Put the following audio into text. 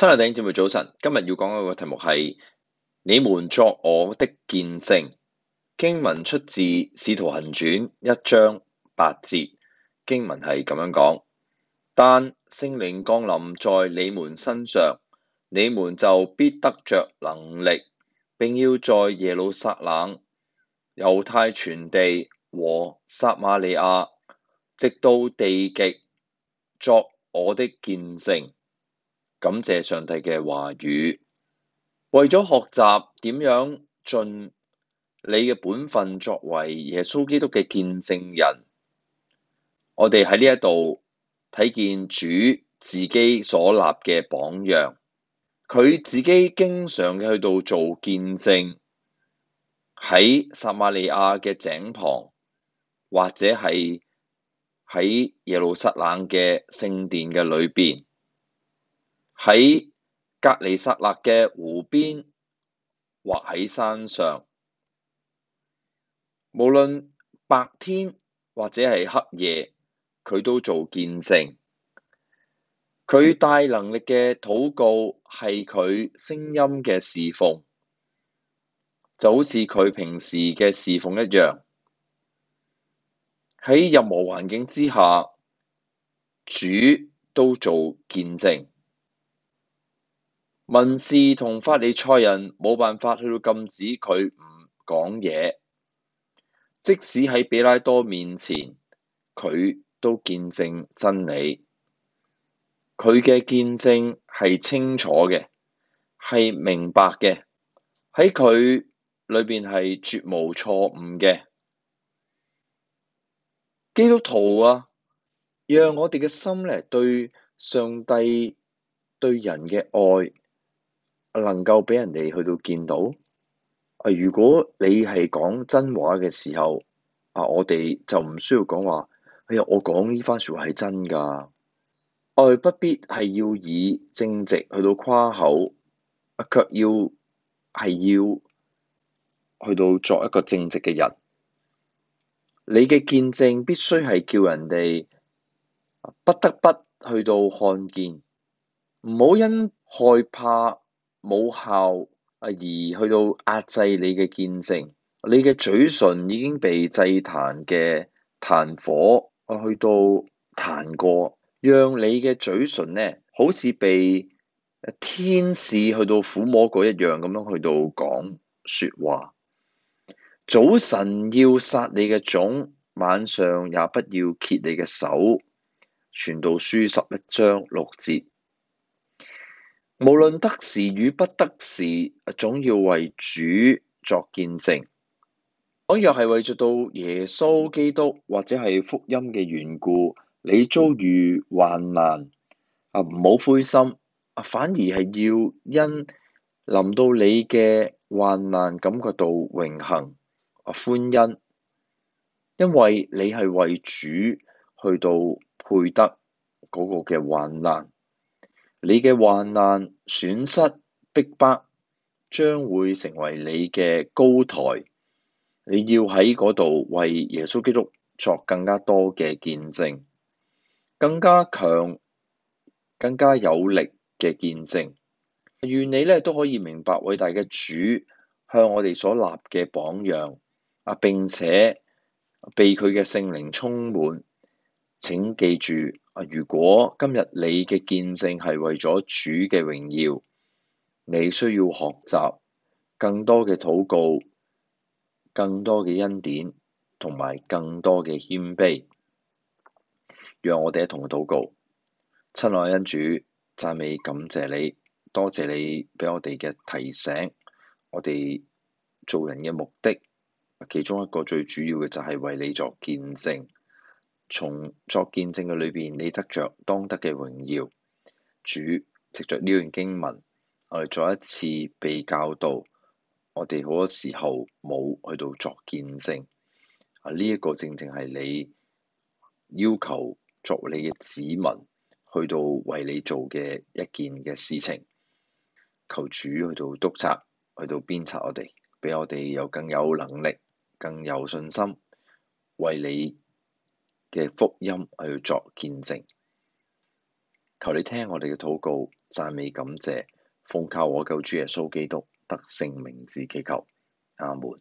親愛弟兄姊妹早晨，今日要講嘅個題目係：你們作我的見證。經文出自《使徒行傳》一章八節，經文係咁樣講：但聖靈降臨在你們身上，你們就必得着能力，並要在耶路撒冷、猶太全地和撒瑪利亞，直到地極，作我的見證。感謝上帝嘅話語，為咗學習點樣盡你嘅本分，作為耶穌基督嘅見證人，我哋喺呢一度睇見主自己所立嘅榜樣，佢自己經常去到做見證，喺撒瑪利亞嘅井旁，或者係喺耶路撒冷嘅聖殿嘅裏邊。喺革尼撒勒嘅湖邊，或喺山上，無論白天或者係黑夜，佢都做見證。佢帶能力嘅禱告係佢聲音嘅事奉，就好似佢平時嘅事奉一樣。喺任何環境之下，主都做見證。文士同法利賽人冇辦法去到禁止佢唔講嘢，即使喺比拉多面前，佢都見證真理。佢嘅見證係清楚嘅，係明白嘅，喺佢裏邊係絕無錯誤嘅。基督徒啊，讓我哋嘅心嚟對上帝對人嘅愛。能夠畀人哋去到見到啊！如果你係講真話嘅時候，啊，我哋就唔需要講話。哎呀，我講呢番說話係真㗎，我不必係要以正直去到誇口，啊，卻要係要去到作一個正直嘅人。你嘅見證必須係叫人哋不得不去到看見，唔好因害怕。冇效而去到壓制你嘅見證，你嘅嘴唇已經被祭壇嘅炭火去到彈過，讓你嘅嘴唇呢，好似被天使去到撫摸過一樣咁樣去到講說話。早晨要撒你嘅種，晚上也不要歇你嘅手。傳道書十一章六節。無論得時與不得時，總要為主作見證。我又係為咗到耶穌基督或者係福音嘅緣故，你遭遇患難啊，唔好灰心啊，反而係要因臨到你嘅患難，感覺到榮幸啊，歡欣，因為你係為主去到配得嗰個嘅患難。你嘅患難、損失、逼迫，將會成為你嘅高台。你要喺嗰度為耶穌基督作更加多嘅見證，更加強、更加有力嘅見證。願你呢，都可以明白偉大嘅主向我哋所立嘅榜樣啊！並且被佢嘅聖靈充滿。請記住，如果今日你嘅見證係為咗主嘅榮耀，你需要學習更多嘅禱告、更多嘅恩典同埋更多嘅謙卑。讓我哋一同禱告：親愛恩主，讚美感謝你，多謝你畀我哋嘅提醒，我哋做人嘅目的，其中一個最主要嘅就係為你作見證。從作見證嘅裏邊，你得着當得嘅榮耀。主藉着呢段經文，我哋再一次被教導，我哋好多時候冇去到作見證。啊！呢一個正正係你要求作為你嘅子民去到為你做嘅一件嘅事情，求主去到督察，去到鞭策我哋，俾我哋有更有能力、更有信心為你嘅福音，去作見證，求你聽我哋嘅禱告、讚美、感謝，奉靠我救主耶穌基督得勝名字祈求。阿門。